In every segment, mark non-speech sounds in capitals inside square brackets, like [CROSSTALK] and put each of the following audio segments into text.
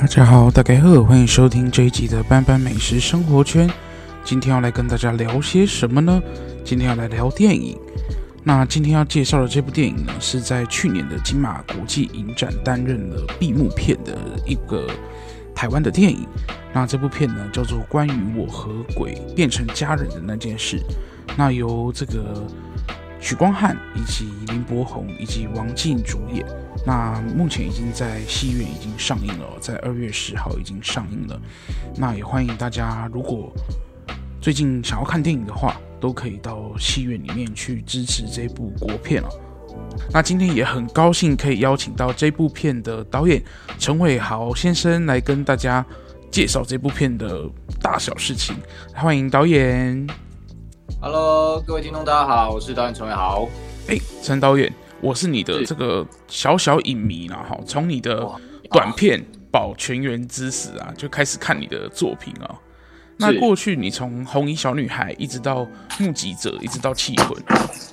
大家好，大家好，歡迎收聽這一集的班班美食生活圈。今天要來跟大家聊些什麼呢？今天要來聊電影。那今天要介紹的這部電影呢，是在去年的金馬國際影展擔任了閉幕片的一個台灣的電影。那這部片呢，叫做《關於我和鬼變成家人的那件事》。那由這個。許光漢以及林柏宏以及王淨主演，那目前已經在戲院已經上映了，在二月十號已經上映了。那也歡迎大家，如果最近想要看電影的話，都可以到戲院裡面去支持這部國片了哦。那今天也很高興可以邀請到這部片的導演程偉豪先生來跟大家介紹這部片的大小事情，歡迎導演。Hello，各位聽眾，大家好，我是導演程偉豪。哎、欸，陳導演，我是你的這個小小影迷了、啊、哈。從是你的短片《保全員之死》啊，啊就開始看你的作品啊。是那過去你從《紅衣小女孩》一直到《目擊者》一直到《目擊者》，一直到《緝魂》，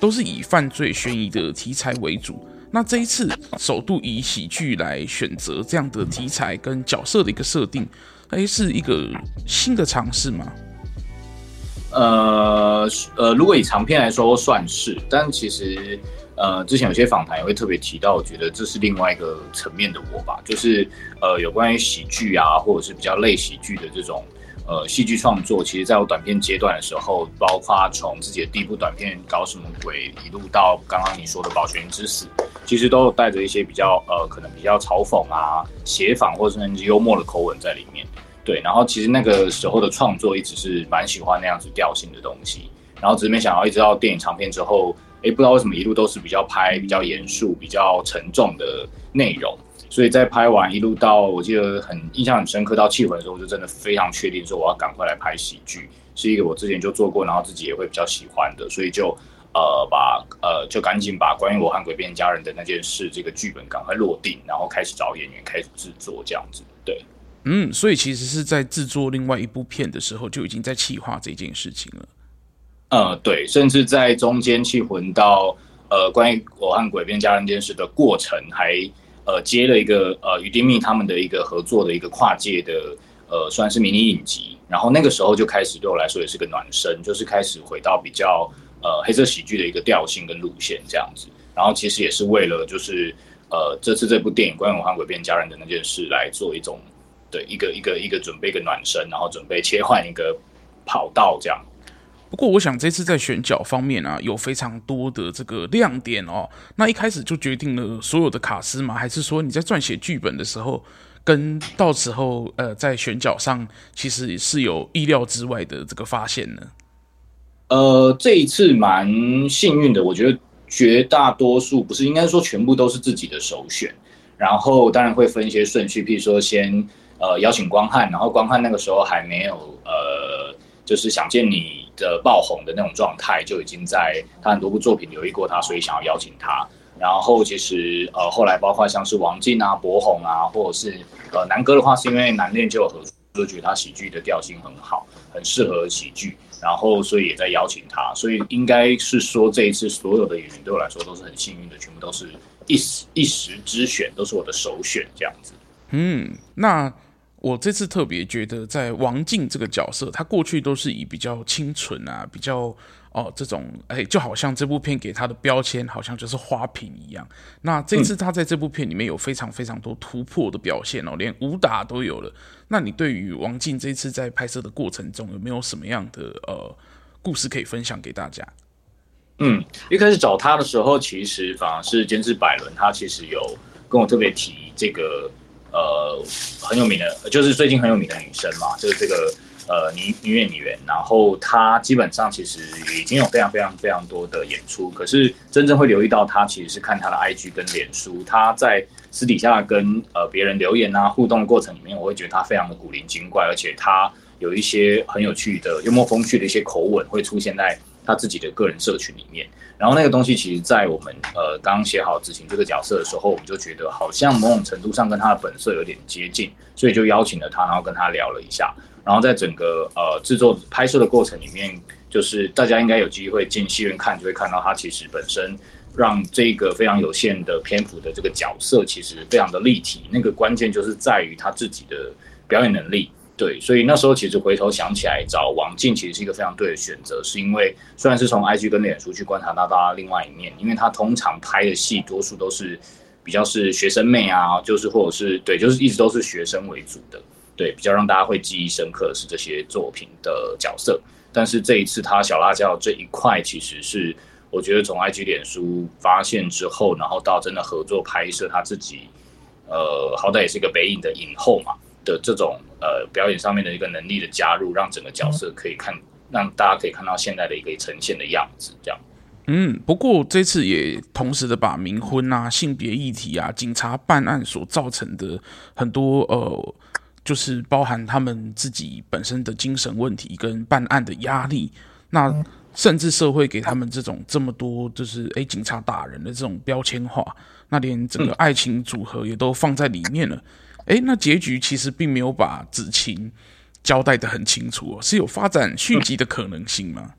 都是以犯罪懸疑的題材為主。那這一次首度以喜劇來選擇這樣的題材跟角色的一個設定，哎、欸，是一個新的嘗試嗎？呃呃，如果以長片來說，算是。但其實，呃，之前有些訪談也會特別提到，我覺得這是另外一個層面的我吧。就是呃，有關於喜劇啊，或者是比較類喜劇的這種呃戲劇創作。其實，在我短片階段的時候，包括從自己的第一部短片搞什麼鬼，一路到剛剛你說的《保全員之死》，其實都有帶着一些比較呃，可能比較嘲諷啊、諧仿或者甚至幽默的口吻在裡面。對，然後其實那個時候的創作一直是蠻喜歡那樣子調性的東西，然後只是沒想到一直到電影長片之後，誒，不知道為什麼一路都是比較拍比較嚴肅、比較沉重的內容，所以在拍完一路到我記得很印象很深刻到《緝魂》的時候，我就真的非常確定說我要趕快來拍喜劇，是一個我之前就做過，然後自己也會比較喜歡的，所以就呃把呃就趕緊把關於我和鬼變家人的那件事這個劇本趕快落定，然後開始找演員，開始製作這樣子，對。嗯，所以其實是在製作另外一部片的時候就已經在企劃這件事情了。呃，對，甚至在中間去混到呃，關於我和鬼變家人這件事的過程，還呃接了一個呃於丁密他們的一個合作的一個跨界的呃，算是迷你影集。然後那個時候就開始對我來說也是個暖身，就是開始回到比較呃黑色喜劇的一個調性跟路線這樣子。然後其實也是為了就是呃這次這部電影關於我和鬼變家人的那件事來做一種。對一個一個一個準備一個暖身，然後準備切換一個跑道這樣。不過，我想這次在選角方面啊，有非常多的這個亮點哦。那一開始就決定了所有的卡司嗎？還是說你在撰寫劇本的時候，跟到時候呃在選角上其實也是有意料之外的這個發現呢？呃，這一次蠻幸運的，我覺得絕大多數不是應該說全部都是自己的首選，然後當然會分一些順序，譬如說先。呃，邀請光漢，然後光漢那個時候還沒有，呃，就是想見你的爆紅的那種狀態，就已經在他很多部作品留意過他，所以想要邀請他。然後其實，呃，後來包括像是王淨啊、柏宏啊，或者是呃南哥的話，是因為男戀就有合作，就覺得他喜劇的調性很好，很適合喜劇，然後所以也在邀請他。所以應該是說這一次所有的演員對我來說都是很幸運的，全部都是一一時之選，都是我的首選這樣子。嗯，那。我這次特別覺得，在王淨這個角色，他過去都是以比較清純啊，比較哦、呃、這種，哎、欸，就好像這部片給他的標籤，好像就是花瓶一樣。那這次他在這部片裡面有非常非常多突破的表現哦，嗯、連武打都有了。那你對於王淨這次在拍攝的過程中，有沒有什麼樣的呃故事可以分享給大家？嗯，一開始找他的時候，其實反而是監製百倫，他其實有跟我特別提這個。呃，很有名的，就是最近很有名的女生嘛，就是這個呃女女演員，然後她基本上其實已經有非常非常非常多的演出，可是真正會留意到她，其實是看她的 IG 跟臉書，她在私底下跟呃別人留言啊互動的過程裡面，我會覺得她非常的古靈精怪，而且她有一些很有趣的幽默風趣的一些口吻會出現在。他自己的個人社群裡面，然後那個東西其實，在我們呃剛寫好執行這個角色的時候，我們就覺得好像某種程度上跟他的本色有點接近，所以就邀請了他，然後跟他聊了一下。然後在整個呃製作拍攝的過程裡面，就是大家應該有機會進戲院看，就會看到他其實本身讓這個非常有限的篇幅的這個角色，其實非常的立體。那個關鍵就是在於他自己的表演能力。對，所以那時候其實回頭想起來找王淨，其實是一個非常對的選擇，是因為雖然是從 IG 跟臉書去觀察到大家另外一面，因為他通常拍的戲多數都是比較是學生妹啊，就是或者是對，就是一直都是學生為主的，對，比較讓大家會記憶深刻的是這些作品的角色。但是這一次他小辣椒這一塊，其實是我覺得從 IG 臉書發現之後，然後到真的合作拍攝他自己，呃，好歹也是一個北影的影后嘛的這種。呃，表演上面的一個能力的加入，讓整個角色可以看，嗯、讓大家可以看到現在的一個呈現的樣子，這樣。嗯，不過這次也同時的把冥婚啊、性別議題啊、警察辦案所造成的很多呃，就是包含他們自己本身的精神問題跟辦案的壓力，嗯、那甚至社會給他們這種這麼多，就是哎、欸、警察打人的這種標籤化，那連整個愛情組合也都放在裡面了。嗯嗯誒，那結局其實並沒有把子晴交代得很清楚，哦，是有發展續集的可能性嗎？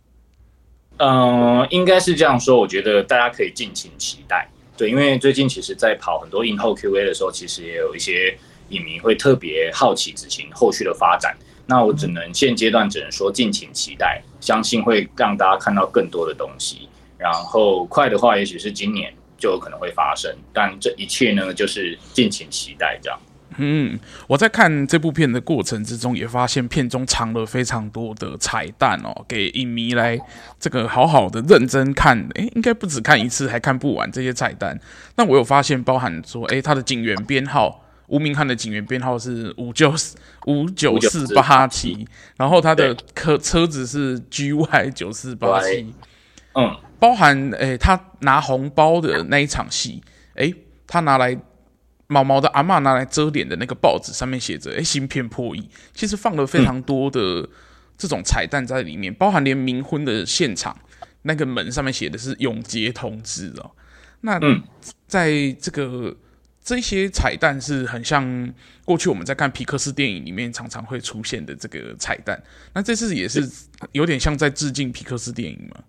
嗯，應該是這樣說。我覺得大家可以敬請期待。對，因為最近其實，在跑很多映後 Q&A 的時候，其實也有一些影迷會特別好奇子晴後續的發展。那我只能現階段只能說敬請期待，相信會讓大家看到更多的東西。然後快的話，也許是今年就有可能會發生。但這一切呢，就是敬請期待這樣。嗯，我在看這部片的過程之中，也發現片中藏了非常多的彩蛋哦，給影迷來這個好好的認真看。誒、欸，應該不只看一次，還看不完這些彩蛋。那我有發現，包含說，哎、欸，他的警員編號吳明翰的警員編號是五九四五九四八七，然後他的車對車子是 GY 九四八七。嗯，包含誒、欸，他拿紅包的那一場戲，哎、欸，他拿來。毛毛的阿嬤拿來遮臉的那個報紙上面寫着、欸：“芯片破譯。”其實放了非常多的這種彩蛋在裡面，嗯、包含連冥婚的現場那個門上面寫的是永通知“永結同志”哦。那、嗯、在這個這些彩蛋是很像過去我們在看皮克斯電影裡面常常會出現的這個彩蛋。那這次也是有點像在致敬皮克斯電影嗎？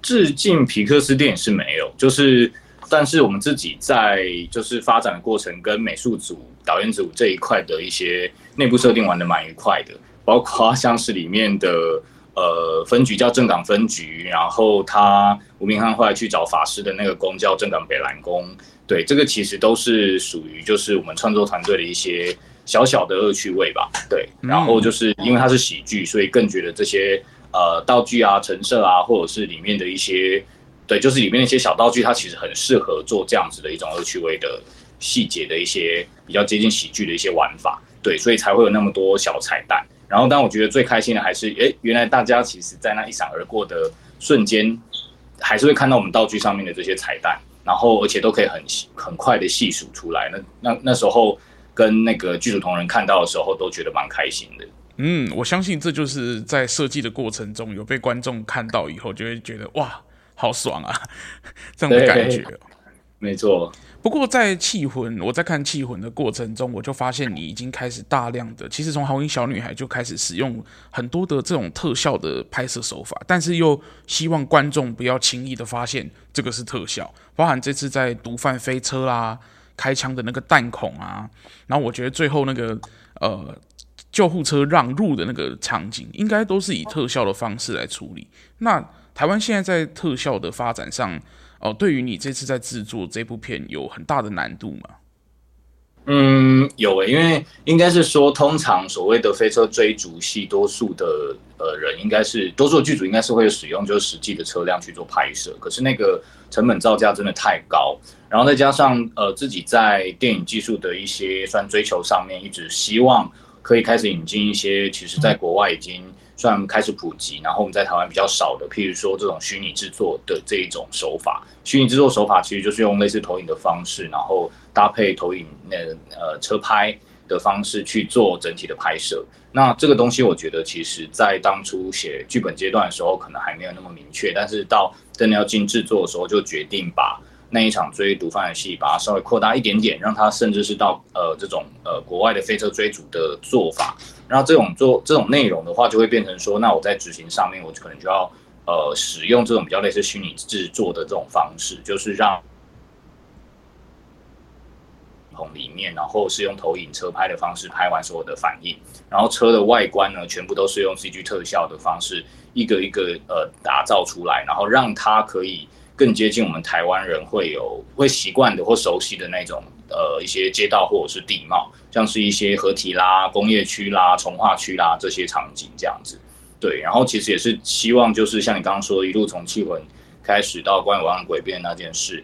致敬皮克斯電影是沒有，就是。但是我們自己在就是發展的過程，跟美術組、導演組這一塊的一些內部設定玩的蠻愉快的，包括像是裡面的呃分局叫正港分局，然後他吳明翰後來去找法師的那個宮叫正港北藍宮，對，這個其實都是屬於就是我們創作團隊的一些小小的惡趣味吧，對，然後就是因為它是喜劇，所以更覺得這些呃道具啊、陳設啊，或者是裡面的一些。對，就是裡面那些小道具，它其實很適合做這樣子的一種惡趣味的細節的一些比較接近喜劇的一些玩法。對，所以才會有那麼多小彩蛋。然後，但我覺得最開心的還是，哎，原來大家其實在那一閃而過的瞬間，還是會看到我們道具上面的這些彩蛋，然後而且都可以很很快的細數出來。那那那時候跟那個劇組同仁看到的時候，都覺得蠻開心的。嗯，我相信這就是在設計的過程中，有被觀眾看到以後，就會覺得哇。好爽啊，這樣的感覺，沒錯。不過在《緝魂》，我在看《緝魂》的過程中，我就發現你已經開始大量的，其實從《紅衣小女孩》就開始使用很多的這種特效的拍攝手法，但是又希望觀眾不要輕易的發現這個是特效。包含這次在毒販飛車啦、啊、開槍的那個彈孔啊，然後我覺得最後那個呃救護車讓路的那個場景，應該都是以特效的方式來處理。那。台灣現在在特效的發展上，哦、呃，對於你這次在制作這部片有很大的難度嗎？嗯，有誒、欸，因為應該是說，通常所謂的飛車追逐戲、呃，多數的呃人應該是多數劇組應該是會使用就是實際的車輛去做拍攝，可是那個成本造價真的太高，然後再加上呃自己在電影技術的一些算追求上面，一直希望可以開始引進一些，其實在國外已經、嗯。雖然開始普及，然後我們在台灣比較少的，譬如說這種虛擬制作的這一種手法，虛擬制作手法其實就是用類似投影的方式，然後搭配投影、那呃，呃車拍的方式去做整體的拍攝。那這個東西我覺得，其實在當初寫劇本階段的時候，可能還沒有那麼明確，但是到真的要進制作的時候，就決定把。那一場追毒販的戲，把它稍微擴大一點點，讓它甚至是到呃這種呃國外的飛車追逐的做法。然後這種做這種內容的話，就會變成說，那我在執行上面，我可能就要呃使用這種比較類似虛擬制作的這種方式，就是讓棚裡面，然後是用投影車拍的方式拍完所有的反應，然後車的外觀呢，全部都是用 CG 特效的方式一個一個呃打造出來，然後讓它可以。更接近我們台灣人會有會習慣的或熟悉的那種呃一些街道或者是地貌，像是一些河堤啦、工業區啦、重劃區啦這些場景這樣子。對，然後其實也是希望就是像你剛剛說，一路從緝魂開始到關於我和鬼變那件事，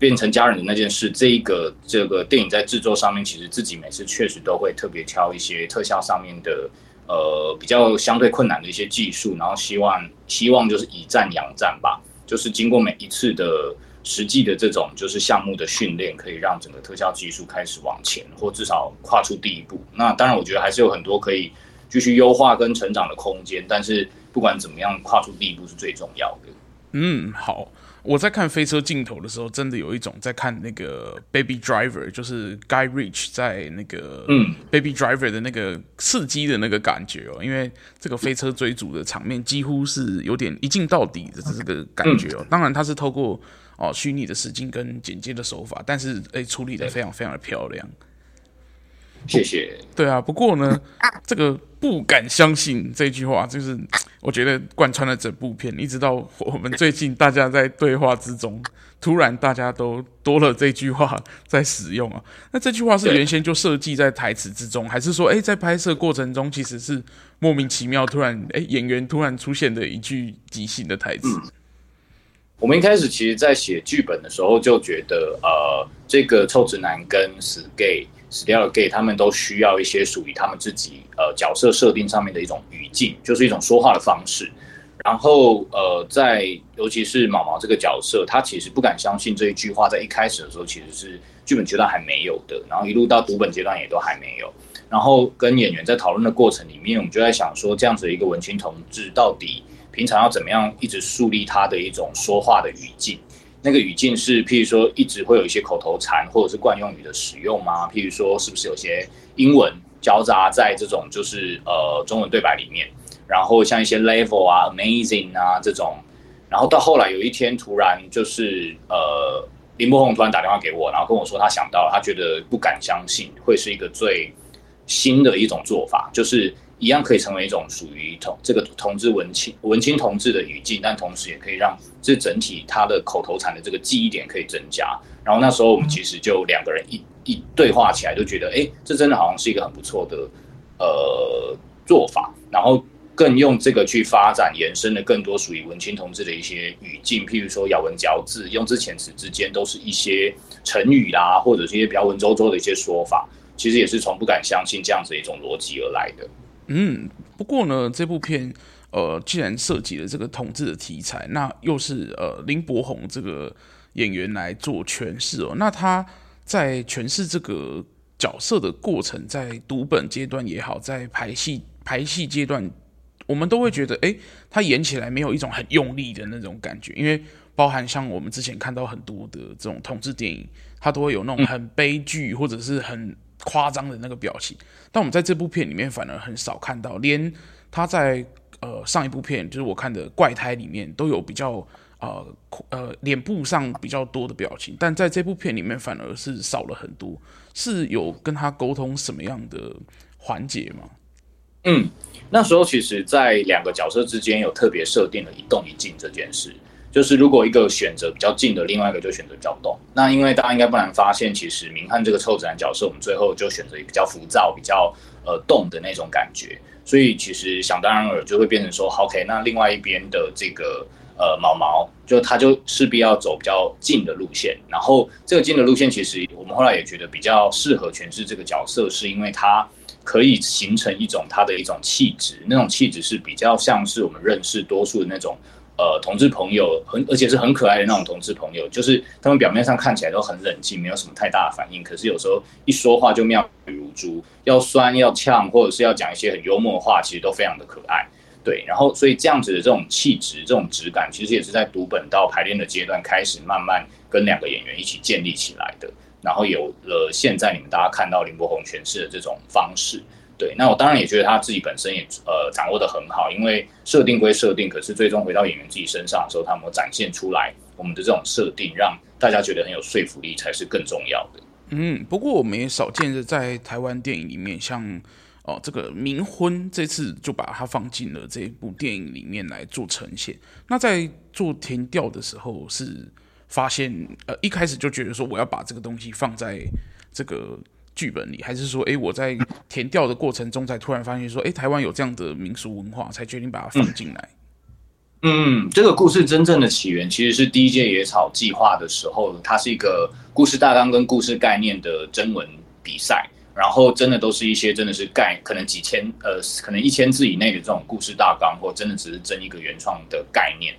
變成家人的那件事，這一個這個電影在制作上面，其實自己每次確實都會特別挑一些特效上面的呃比較相對困難的一些技術，然後希望希望就是以戰養戰吧。就是經過每一次的實際的這種就是項目的訓練，可以讓整個特效技術開始往前，或至少跨出第一步。那當然，我覺得還是有很多可以繼續優化跟成長的空間。但是不管怎麼樣，跨出第一步是最重要的。嗯，好。我在看飛車鏡頭的時候，真的有一種在看那個《Baby Driver》，就是 Guy Ritchie 在那個《Baby Driver》的那個刺激的那個感覺哦。因為這個飛車追逐的場面幾乎是有點一鏡到底的這個感覺哦。當然，它是透過哦虛擬的實鏡跟剪接的手法，但是哎處理的非常非常的漂亮。不謝謝。對啊，不過呢，這個不敢相信這句話，就是我覺得貫穿了整部片，一直到我們最近大家在對話之中，突然大家都多了這句話在使用啊。那這句話是原先就設計在台詞之中，對還是說，哎、欸，在拍攝過程中其實是莫名其妙突然，哎、欸，演員突然出現的一句即興的台詞？我們一開始其實，在寫劇本的時候就覺得，呃，這個臭直男跟死 gay。死掉的 Gay，他們都需要一些屬於他們自己呃角色設定上面的一種語境，就是一種說話的方式。然後呃，在尤其是毛毛這個角色，他其實不敢相信這一句話，在一開始的時候其實是劇本階段還沒有的，然後一路到讀本階段也都還沒有。然後跟演員在討論的過程裡面，我們就在想說，這樣子的一個文青同志到底平常要怎麼樣一直樹立他的一種說話的語境。那個語境是，譬如說，一直會有一些口頭禪或者是慣用語的使用嘛？譬如說，是不是有些英文交雜在這種就是呃中文對白裡面？然後像一些 level 啊、amazing 啊這種，然後到後來有一天突然就是呃，林柏宏突然打電話給我，然後跟我說他想到，他覺得不敢相信會是一個最新的一種做法，就是。一樣可以成為一種屬於同這個同志文青文青同志的語境，但同時也可以讓這整體他的口頭禪的這個記憶點可以增加。然後那時候我們其實就兩個人一一對話起來，就覺得哎、欸，這真的好像是一個很不錯的呃做法。然後更用這個去發展延伸了更多屬於文青同志的一些語境，譬如說咬文嚼字、用字遣詞之間，都是一些成語啦，或者是一些比較文縐縐的一些說法，其實也是從不敢相信這樣子的一種邏輯而來的。嗯，不過呢，這部片，呃，既然涉及了這個同志的題材，那又是呃林柏宏這個演員來做詮釋哦，那他在詮釋這個角色的過程，在讀本階段也好，在排戲排戲階段，我們都會覺得，哎、欸，他演起來沒有一種很用力的那種感覺，因為包含像我們之前看到很多的這種同志電影，他都會有那種很悲劇或者是很。嗯誇張的那個表情，但我們在這部片裡面反而很少看到，連他在呃上一部片，就是我看的《怪胎》裡面都有比較呃呃臉部上比較多的表情，但在這部片裡面反而是少了很多。是有跟他溝通什麼樣的環節嗎？嗯，那時候其實在兩個角色之間有特別設定了“一動一靜”這件事。就是如果一個選擇比較靜的，另外一個就選擇比較動。那因為大家應該不難發現，其實明翰這個臭直男角色，我們最後就選擇比較浮躁、比較呃動的那種感覺。所以其實想當然耳就會變成說，OK，那另外一邊的這個呃毛毛，就他就勢必要走比較靜的路線。然後這個靜的路線，其實我們後來也覺得比較適合詮釋這個角色，是因為它可以形成一種它的一種氣質，那種氣質是比較像是我們認識多數的那種。呃，同志朋友很，而且是很可愛的那種同志朋友，就是他們表面上看起來都很冷靜，沒有什麼太大的反應，可是有時候一說話就妙語如珠，要酸要嗆，或者是要講一些很幽默的話，其實都非常的可愛。對，然後所以這樣子的這種氣質，這種質感，其實也是在讀本到排練的階段開始慢慢跟兩個演員一起建立起來的，然後有了現在你們大家看到林柏宏詮釋的這種方式。對，那我當然也覺得他自己本身也呃掌握得很好，因為設定歸設定，可是最終回到演員自己身上的時候，他們展現出來我們的這種設定，讓大家覺得很有說服力才是更重要的。嗯，不過我們也少見的在台灣電影裡面，像哦這個冥婚這次就把它放進了這部電影裡面來做呈現。那在做田調的時候，是發現呃一開始就覺得說我要把這個東西放在這個。劇本裡，還是說，誒、欸，我在田調的過程中，才突然發現說，誒、欸，台灣有這樣的民俗文化，才決定把它放進來嗯。嗯，這個故事真正的起源其實是第一屆野草計劃的時候，它是一個故事大綱跟故事概念的徵文比賽，然後真的都是一些真的是概，可能幾千呃，可能一千字以內的這種故事大綱，或真的只是徵一個原創的概念。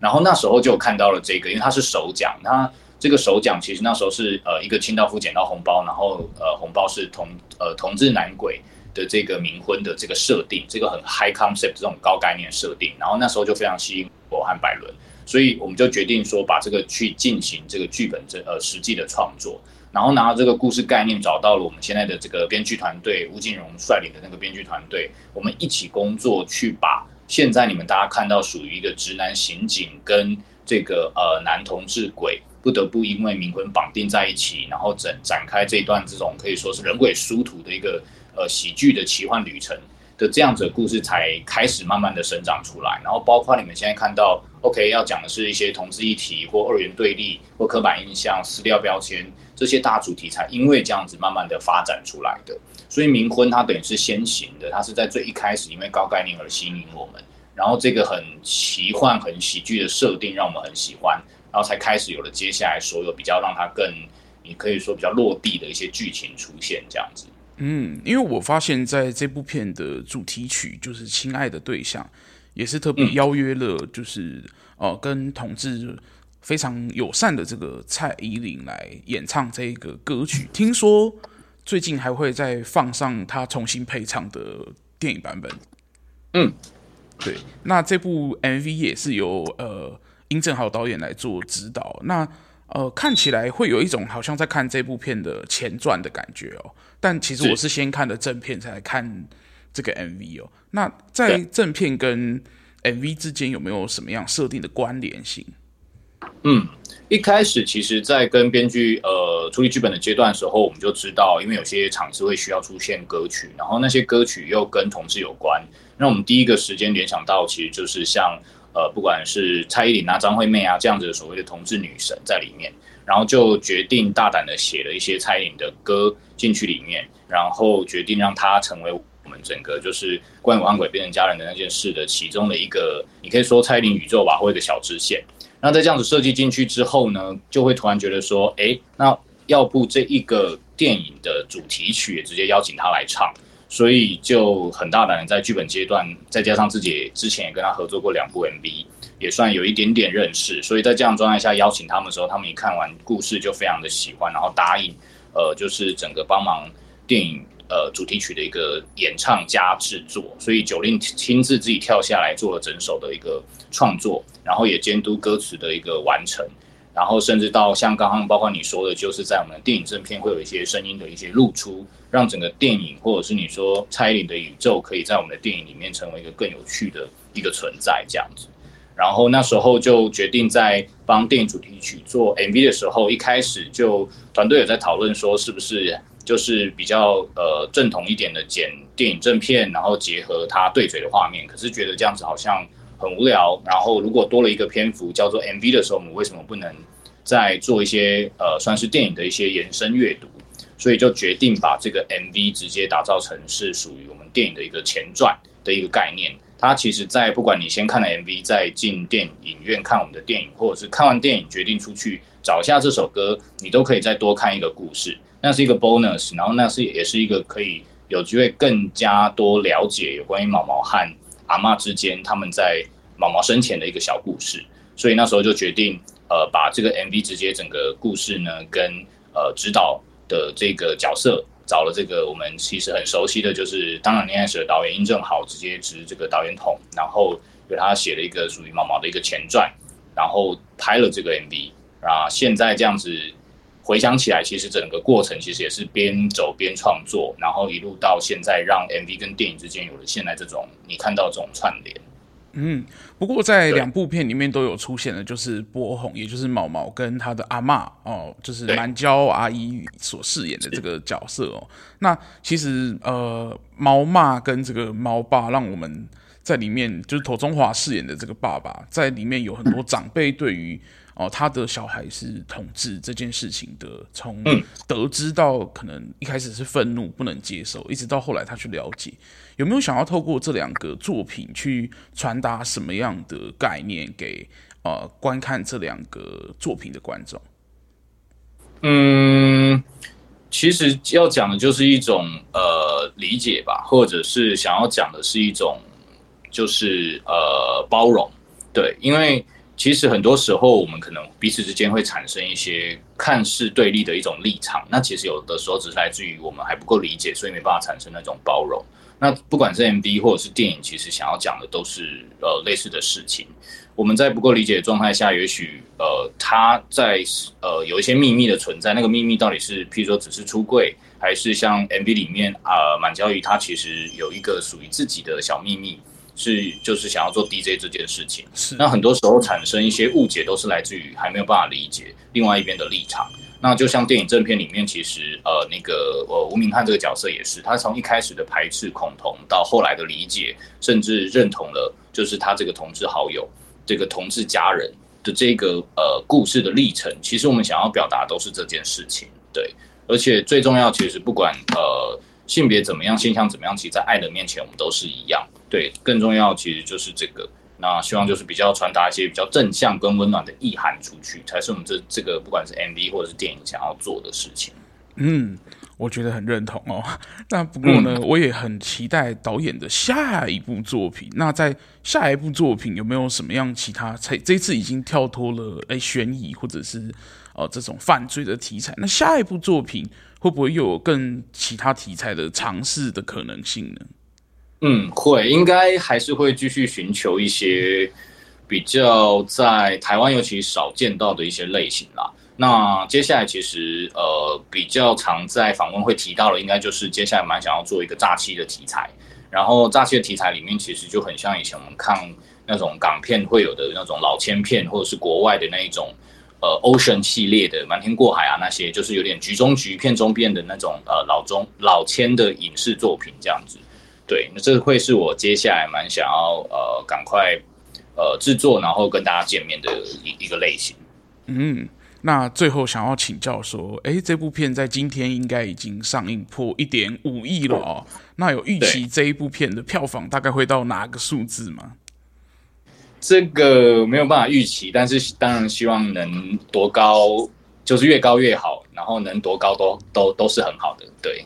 然後那時候就看到了這個，因為它是首獎，它。這個首獎其實那時候是呃一個清道夫撿到紅包，然後呃紅包是同呃同志男鬼的這個冥婚的這個設定，這個很 high concept 這種高概念設定，然後那時候就非常吸引我和百倫，所以我們就決定說把這個去進行這個劇本這呃實際的創作，然後拿到這個故事概念，找到了我們現在的這個編劇團隊吳瑾蓉率領的那個編劇團隊，我們一起工作去把現在你們大家看到屬於一個直男刑警跟這個呃男同志鬼。不得不因為冥婚綁定在一起，然後展展開這一段這種可以說是人鬼殊途的一個呃喜劇的奇幻旅程的這樣子的故事才開始慢慢的生長出來。然後包括你們現在看到，OK 要講的是一些同志議題或二元對立或刻板印象、撕掉標籤這些大主題才因為這樣子慢慢的發展出來的。所以冥婚它等於是先行的，它是在最一開始因為高概念而吸引我們，然後這個很奇幻、很喜劇的設定讓我們很喜歡。然後才開始有了接下來所有比較讓他更，你可以說比較落地的一些劇情出現這樣子。嗯，因為我發現在這部片的主題曲就是《親愛的對象》，也是特別邀約了，就是、嗯、呃跟同志非常友善的這個蔡依林來演唱這個歌曲。聽說最近還會再放上他重新配唱的電影版本。嗯，對。那這部 MV 也是由呃。程偉豪導演來做指導，那呃看起來會有一種好像在看這部片的前傳的感覺哦、喔。但其實我是先看的正片才來看這個 MV 哦、喔。那在正片跟 MV 之間有沒有什麼樣設定的關聯性？嗯，一開始其實，在跟編劇呃處理劇本的階段的時候，我們就知道，因為有些場次會需要出現歌曲，然後那些歌曲又跟同志有關，那我們第一個時間聯想到，其實就是像。呃，不管是蔡依林啊、張惠妹啊這樣子的所謂的同志女神在裡面，然後就決定大膽的寫了一些蔡依林的歌進去裡面，然後決定讓她成為我們整個就是關於我和鬼變成家人的那件事的其中的一個，你可以說蔡依林宇宙吧，或者小支線。那在這樣子設計進去之後呢，就會突然覺得說，哎、欸，那要不這一個電影的主題曲也直接邀請她來唱。所以就很大膽的，在劇本階段，再加上自己之前也跟他合作過兩部 MV，也算有一點點認識。所以在這樣狀態下邀請他們的時候，他們一看完故事就非常的喜歡，然後答應，呃，就是整個幫忙電影，呃，主題曲的一個演唱加製作。所以九令親自自己跳下來做了整首的一個創作，然後也監督歌詞的一個完成。然後甚至到像剛剛包括你說的，就是在我們的電影正片會有一些聲音的一些露出，讓整個電影或者是你說蔡嶺的宇宙可以在我們的電影裡面成為一個更有趣的一個存在這樣子。然後那時候就決定在幫電影主題曲做 MV 的時候，一開始就團隊有在討論說是不是就是比較呃正統一點的剪電影正片，然後結合他對嘴的畫面，可是覺得這樣子好像。很無聊。然後，如果多了一個篇幅叫做 MV 的時候，我們為什麼不能再做一些呃，算是電影的一些延伸閱讀？所以就決定把這個 MV 直接打造成是屬於我們電影的一個前傳的一個概念。它其實，在不管你先看了 MV，再進電影院看我們的電影，或者是看完電影決定出去找一下這首歌，你都可以再多看一個故事。那是一個 bonus，然後那是也是一個可以有機會更加多了解有關於毛毛和阿嬤之間他們在。毛毛生前的一個小故事，所以那時候就決定，呃，把這個 MV 直接整個故事呢，跟呃指導的這個角色找了這個我們其實很熟悉的就是，當然戀愛時的導演殷振豪直接執這個導演筒，然後給他寫了一個屬於毛毛的一個前傳，然後拍了這個 MV 啊，現在這樣子回想起來，其實整個過程其實也是邊走邊創作，然後一路到現在，讓 MV 跟電影之間有了現在這種你看到這種串聯。嗯，不過在兩部片裡面都有出現的，就是波鴻，對也就是毛毛跟他的阿媽哦，就是滿嬌阿姨所飾演的這個角色哦。對那其實呃，毛媽跟這個毛爸，讓我們在裡面就是庹宗華飾演的這個爸爸，在裡面有很多長輩對於哦他的小孩是同志這件事情的，從得知到可能一開始是憤怒不能接受，一直到後來他去了解。有沒有想要透過這兩個作品去傳達什麼樣的概念給呃，觀看這兩個作品的觀眾？嗯，其實要講的就是一種呃，理解吧，或者是想要講的是一種就是呃，包容，對，因為其實很多時候我們可能彼此之間會產生一些看似對立的一種立場，那其實有的時候只是來自於我們還不夠理解，所以沒辦法產生那種包容。那不管是 MV 或者是電影，其實想要講的都是呃類似的事情。我們在不夠理解的狀態下，也許呃他在呃有一些秘密的存在。那個秘密到底是譬如說只是出櫃，還是像 MV 裡面啊滿嬌魚他其實有一個屬於自己的小秘密，是就是想要做 DJ 這件事情。是。那很多時候產生一些誤解，都是來自於還沒有辦法理解另外一邊的立場。那就像電影正片裡面，其實呃，那個呃，吳明翰這個角色也是，他從一開始的排斥恐同，到後來的理解，甚至認同了，就是他這個同志好友、這個同志家人的這個呃故事的歷程。其實我們想要表達都是這件事情，對。而且最重要，其實不管呃性別怎麼樣，性向怎麼樣，其實，在愛的面前，我們都是一樣。對，更重要其實就是這個。那希望就是比較傳達一些比較正向跟溫暖的意涵，出去，才是我們這這個不管是 MV 或者是電影想要做的事情。嗯，我覺得很認同哦。那不過呢，嗯、我也很期待導演的下一部作品。那在下一部作品有沒有什麼樣其他，這這次已經跳脫了哎，懸疑或者是哦、呃、這種犯罪的題材。那下一部作品會不會又有更其他題材的嘗試的可能性呢？嗯，會應該還是會繼續尋求一些比較在台灣尤其少見到的一些類型啦。那接下來其實呃比較常在訪問會提到的應該就是接下來蠻想要做一個詐欺的題材。然後詐欺的題材裡面其實就很像以前我們看那種港片會有的那種老千片，或者是國外的那一種呃 Ocean 系列的瞞天過海啊那些，就是有點局中局，騙中騙的那種呃老中老千的影視作品這樣子。對，那這個會是我接下來蠻想要呃趕快呃製作，然後跟大家見面的一個一個類型。嗯，那最後想要請教說，誒，這部片在今天應該已經上映破一點五億了哦。哦，那有預期對這一部片的票房大概會到哪個數字嗎？這個沒有辦法預期，但是當然希望能多高，就是越高越好，然後能多高都都都是很好的。對，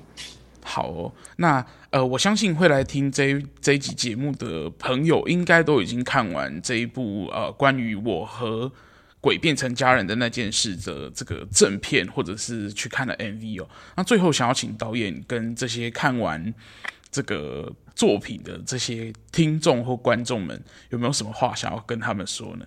好哦，那。呃，我相信會來聽這這一集節目的朋友，應該都已經看完這一部呃關於我和鬼變成家人的那件事的這個正片，或者是去看了 MV 哦。那最後想要請導演跟這些看完這個作品的這些聽眾或觀眾們，有沒有什麼話想要跟他們說呢？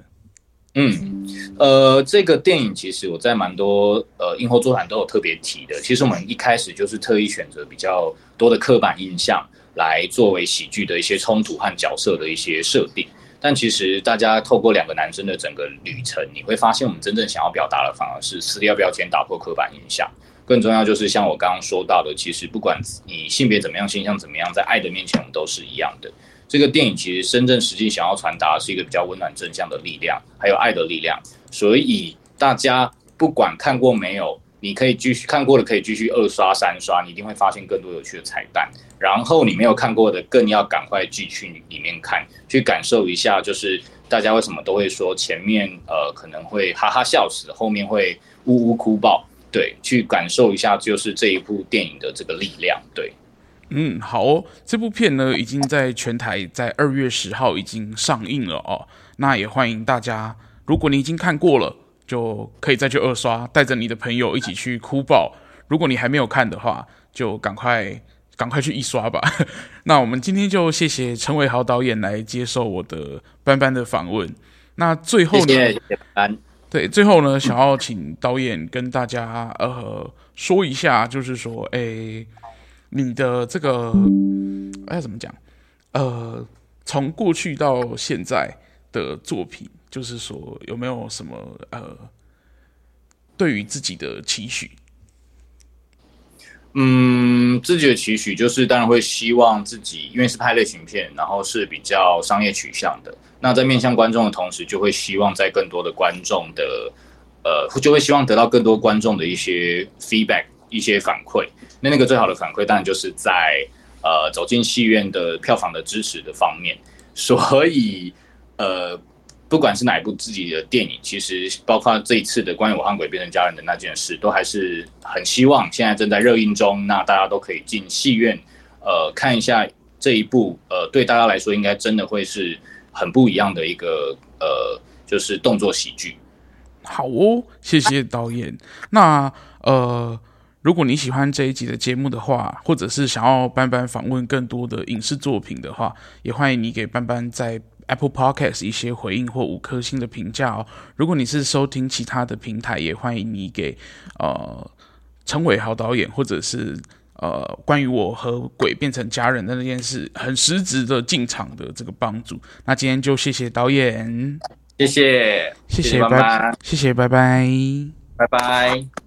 嗯，呃，這個電影其實我在蠻多呃映後座談都有特別提的。其實我們一開始就是特意選擇比較多的刻板印象來作為喜劇的一些衝突和角色的一些設定。但其實大家透過兩個男生的整個旅程，你會發現我們真正想要表達的，反而是撕掉標籤、打破刻板印象。更重要就是像我剛剛說到的，其實不管你性別怎麼樣、形象怎麼樣，在愛的面前我們都是一樣的。這個電影其實深圳實際想要傳達是一個比較溫暖正向的力量，還有愛的力量。所以大家不管看過沒有，你可以繼續，看過的可以繼續二刷三刷，你一定會發現更多有趣的彩蛋。然後你沒有看過的更要趕快繼續裡面看，去感受一下，就是大家為什麼都會說前面呃可能會哈哈笑死，後面會嗚嗚哭爆。對，去感受一下就是這一部電影的這個力量。對。嗯，好哦，這部片呢已經在全台在二月十號已經上映了哦。那也歡迎大家，如果你已經看過了，就可以再去二刷，帶着你的朋友一起去哭爆。如果你還沒有看的話，就趕快趕快去一刷吧。 [LAUGHS] 那我們今天就謝謝程偉豪導演來接受我的班班的訪問。那最後呢，謝謝，對，最後呢，嗯，想要請導演跟大家呃說一下，就是說，誒。你的這個，哎，怎麼講？呃，從過去到現在的作品，就是說，有沒有什麼呃，對於自己的期許？嗯，自己的期許就是，當然會希望自己，因為是拍類型片，然後是比較商業取向的。那在面向觀眾的同時，就會希望在更多的觀眾的，呃，就會希望得到更多觀眾的一些 feedback。一些反饋，那那個最好的反饋當然就是在呃走進戲院的票房的支持的方面，所以呃不管是哪一部自己的電影，其實包括這一次的關於我和鬼變成家人的那件事，都還是很希望現在正在熱映中，那大家都可以進戲院呃看一下這一部呃對大家來說應該真的會是很不一樣的一個呃就是動作喜劇。好哦，謝謝導演，啊、那呃。如果你喜歡這一集的節目的話，或者是想要班班訪問更多的影視作品的話，也歡迎你給班班在 Apple Podcast 一些回應或五顆星的評價哦。如果你是收聽其他的平台，也歡迎你給呃程偉豪導演或者是呃關於我和鬼變成家人的那件事很實質的進場的這個幫助。那今天就謝謝導演，謝謝，謝謝拜拜，謝謝，拜拜，拜拜。